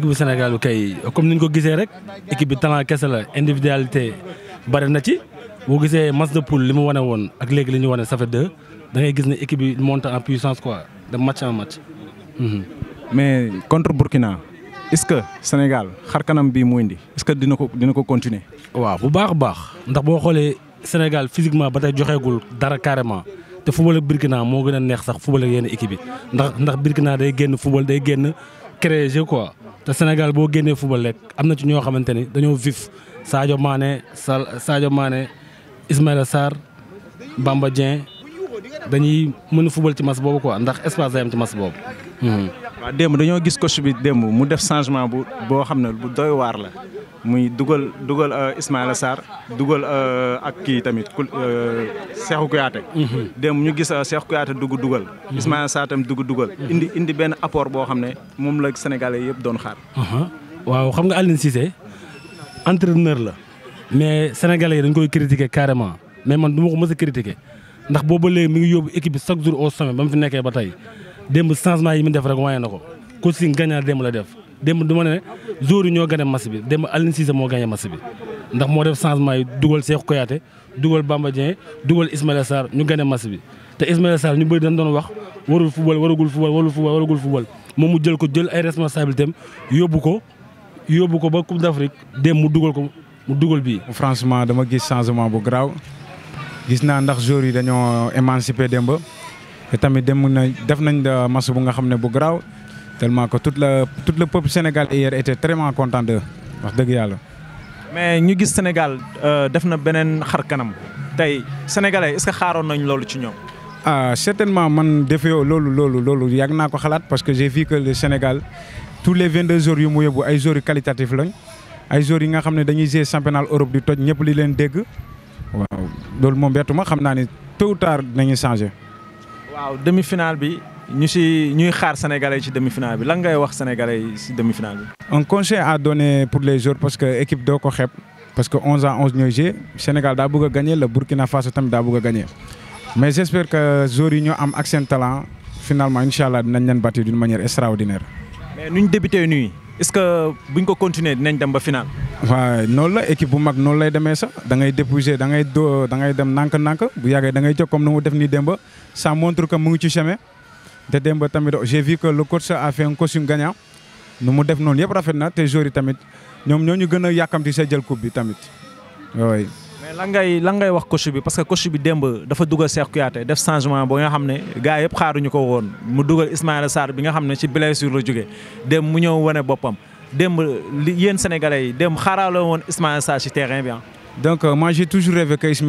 équipe bu Sénégal comme ni ñu ko gisee rek équipe bi talent kese la individualité bari na ci boo gisee match de poule li mu wane woon ak léegi li ñu wane ça fait deux gis ne équipe bi monte en puissance quoi de match en match. Mhm. mais contre Burkina est-ce que Sénégal xar kanam bii mu indi est-ce que dina ko dina ko continuer. waaw bu baax a baax ndax boo xoolee Sénégal physiquement ba tey joxeegul dara carrément. te football ak Burkina moo gën a neex sax football ak yenn équipe yi ndax ndax Burkina day génn football day génn créer jeu quoi te Sénégal boo génnee football rek am na ci ñoo xamante ni dañoo vif saajo maane Sa Sadio Mané Ismaïla Sarr Bamba Dieng dañuy mën a football ci match boobu quoi ndax espace day ci match boobu. Hmm. waaw démb dañoo gis coach bi démb mu def changement bu boo xam ne bu doy waar la. muy dugal dugal euh, Ismaïla Sarr dugal euh, ak kii tamit ku euh, Cheikhou Kouyaté. Mhm. démb ñu gis Cheikhou Kouyaté dugg dugal. Mhm. Ismaïla Sarr tamit dugg dugal. Mhm. indi indi benn apport boo xam ne moom la Sénégalais yëpp doon xaar. waaw xam nga Aliou Cissé entraîneur la mais Sénégalais yi dañ koy critiquer carrément mais man du ma ko mës a critiquer ndax boobu ba léegi mi ngi yóbbu équipe bi chaque jour au sommet ba mu fi nekkee ba tey démb changement yi mu def rek waaye na ko coaching gagnant dem la def. démb du ma ne jour ñoo gagné match bi démb Aliou Cissé moo gagné match bi ndax moo def changement yi dugal Cheikhou Kouyaté dugal Bamba Dieng dugal Ismaïla Sarr ñu gagné match bi te Ismaïla Sarr ñu bëri dañ doon wax warul football waragul football warul football waragul football moom mu jël ko jël ay responsabilités am yóbbu ko yóbbu ko ba Coupe d'Afrique dem mu dugal ko mu dugal bii. franchement dama gis changement bu garaaw gis naa ndax joueurs yi dañoo émancipé démb te tamit dem na def nañ match bu nga xam ne bu garaaw tellement que toute la tout le peuple sénégalais hier était vraiment content d'eux wax dëgg yàlla. mais ñu gis Sénégal euh, def na beneen xar kanam tey sénégalais est-ce xaaroon nañ loolu ci ñoom. ah certainement man defe loolu loolu loolu yàgg naa ko xalaat parce que j'ai vu que le Sénégal le les 22 jours yu mu yóbbu ay jours yu qualitatif lañ ay jours yi nga xam ne dañuy jouer championnat Europe di toj ñëpp li leen dégg waaw loolu moom bettu ma xam naa ni tôt ou tard nañu changé. waaw demi ñu si ñuy xaar sénégalais yi ci demi-finale bi lan ngay wax sénégalais yi si demi-finale bi. un conseil à donner pour les joueurs parce que équipe doo ko xeeb parce que 11 à 11 ñooy jouer Sénégal daa bëgg a gagné Burkina Faso tamit daa bëgg a gagné mais j' espère que joueurs yi ñoo am ak seen talent finalement incha leen battre d' une manière extraordinaire. mais nuñ débuté nii est que buñ ko continuer dinañ dem ba final. waaw noonu bu mag noonu lay demee sax da ngay déposer dangay ngay do dem nànk-nànk bu yàggee da ngay jóg comme nu mu def que mu ngi ci te démb tamit j'ai vu que le coach a fait un nu mu def noonu yëpp rafet na te joueurs yi tamit ñoom ñoo ñu gën a yàkkamti sa jël coupe bi tamit oui. mais lan ngay lan ngay wax coach bi parce que coach bi démb dafa dugal Cheikh def changement ba nga xam ne gars yëpp xaaruñu ko woon mu dugal Ismaïla Sarr bi nga xam ne ci blessure la jógee démb mu ñëw wane boppam démb li yéen sénégalais yi démb woon Ismaïla Sarr ci donc euh, moi j'ai toujours rêvé tamit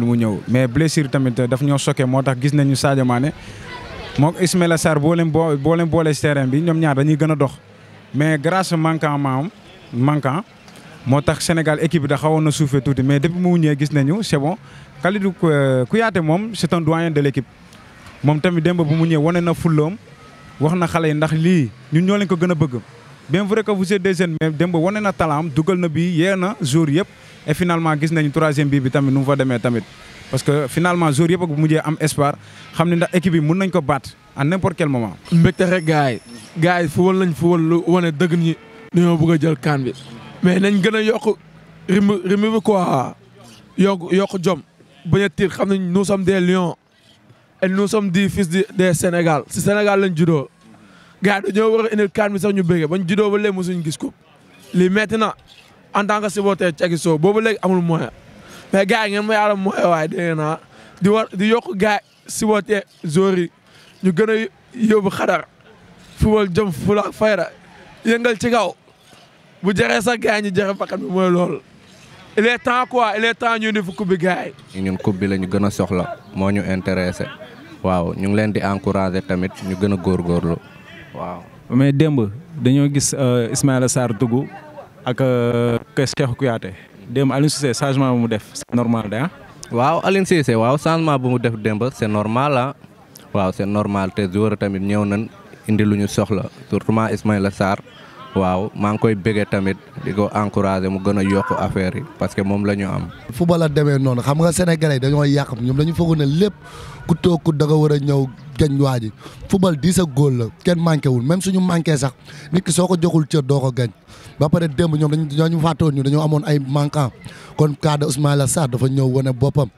mu ñëw mais blessure tamit euh, daf ñoo choqué moo tax gis nañu Sadio Mané moog Ismaïla Sarr boo leen boo boo leen boolee si bi ñoom ñaar dañuy gën a dox mais grâce manquant maam manquant moo tax Sénégal équipe bi da xawoon na suufee tuuti mais depuis mu ñëwee gis nañu c' est bon Kalidou euh, Kouyaté moom c' est un doyen de l' équipe. moom tamit démb bu mu ñëwee wane na fulloom wax na xale yi ndax lii ñun ñoo leen ko gën a bëgg bien vrai que vous êtes des jeunes mais démb wane na talaam dugal na bi yee na jour yëpp et finalement gis nañu troisième bii bi tamit nu mu fa demee tamit. parce que finalement jour yëpp ak mujjee am espoir xam ne ndax équipe yi mun nañ ko baat à n'importe quel moment. mbégte rek gars yi gars yi fu wal nañ fu wal lu wane dëgg ñi dañoo bëgg a jël kaan bi mais nañ gën a yokk rythme rythme bi quoi yokk jom bañ a xam nañ nous sommes des lions et nous sommes des fils des Sénégal si Sénégal lañ juddoo gars yi dañoo war a indil kaan bi sax ñu bëggee bañ juddoo ba léegi mosuñ gis ko lii metti na en tant que supporter Thiaky Sow boobu léegi amul moyen. mais gars yi ngeen ma yàlla mooy waaye naa di di yokk gars si wote jour yi ñu gën a yóbbu xadar football jëm fula ak fayda yëngal ci kaw bu jëree sax gars ñu jëree bakkan bi mooy loolu il temps quoi il temps ñu indi fu coupe bi gars yi. ñun coupe bi la ñu gën a soxla moo ñu intéressé waaw ñu ngi leen di encouragé tamit ñu gën a góorgóorlu waaw. mais démb dañoo gis euh, Ismaïla Sarr dugg ak euh, Cheikhou Kouyaté démb Aliou Cissé changement bu mu def c'est normal da ah. waaw Aliou waaw changement bu mu def démb c'est normal ah waaw c'est normal te a tamit ñëw nañ indi lu ñu soxla surtout la Sarr waaw maa ngi koy bëggee tamit di ko encourager mu gën a yokk affaire yi parce que moom la ñu am. football a demee noonu xam nga sénégalais dañoo yàq ñoom dañu foog ne lépp ku toog ku daga war a ñëw gañ waa ji football di sa góor la kenn manqué wul même suñu manqué sax nit ki soo ko joxul cër doo ko gañ ba pare démb ñoom dañu dañoo ñu fàttewoon ñu dañoo amoon ay manquant kon cas de Ismaïla Sarr dafa ñëw wane boppam.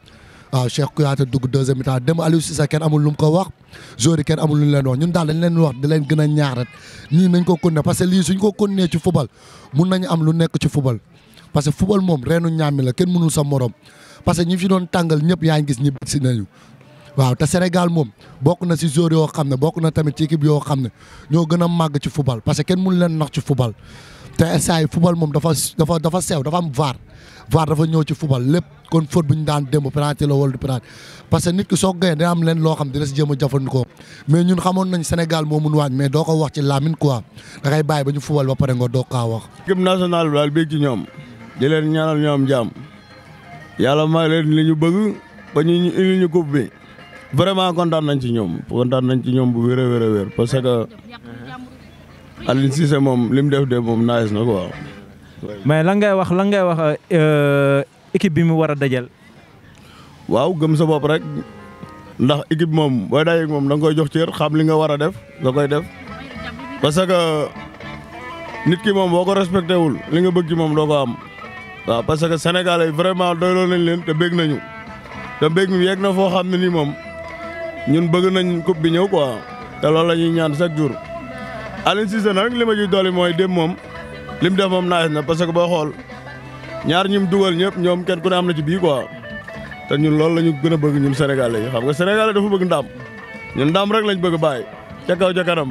waaw ah, Cheikh Kouyaté dugg deuxième mi-temps dem Aliou Cissé kenn amul lu mu ko wax joueurs kenn amul lu ñu leen wax ñun daal dañ leen wax di leen gën a ñaax nañ ko continuer parce que lii suñ ko continuer ci football mun nañu am lu nekk ci football parce que football moom reenu ñaami la kenn mënul sa morom parce que ñi fi doon tàngal ñëpp yaa ngi gis ñi si nañu waaw te Sénégal moom bokk na si joueur yoo xam ne bokk na tamit ci équipe yoo xam ne ñoo gën a màgg ci football parce que kenn mun leen nax ci football te instant yi moom dafa dafa dafa sew dafa am VAR VAR dafa ñëw ci football lépp kon faute bu ñu daan démb penalty la wala du penalty parce que nit ki soo gagné dina am leen loo xam dina si jéem a jëfandikoo mais ñun xamoon nañ Sénégal moo mun waañ mais doo ko wax ci Lamine quoi da ngay bàyyi ba ñu football ba pare ng doo kaa wax. équipe nationale bi daal bëgg ñoom di leen ñaanal ñoom jàmm yàlla may leen li ñu bëgg ba ñu ñu coupe bi. vraiment kontaan nañ ci ñoom kontaan nañ ci ñoom bu wér a wér a wér parce que Aliou Cissé moom li mu def de moom nice na quoi. mais lan ngay wax lan ngay wax euh, équipe bi mu war a dajal. waaw gëm sa bopp rek ndax équipe moom booy dajeeg moom da nga koy jox cër xam li nga war a def nga koy def parce que nit ki moom boo ko respecté wul li nga bëgg ci moom doo ko am. waaw parce que sénégalais vraiment doyloo nañ leen te bég nañu te bég mi yegg na foo xam ne nii moom. ñun bëgg nañ coupe bi ñëw quoi te loolu la ñuy ñaan chaque jour. Aliou Cissé nag li ma ciy dolli mooy dem moom lim def moom naaj na parce que boo xool ñaar ñim dugal ñëpp ñoom kenn ku ne am na ci bii quoi te ñun loolu la ñu gën a bëgg ñun sénégalais yi xam nga sénégalais dafa bëgg ndam ñun ndam rek lañ bëgg bàyyi ca kaw ca kanam.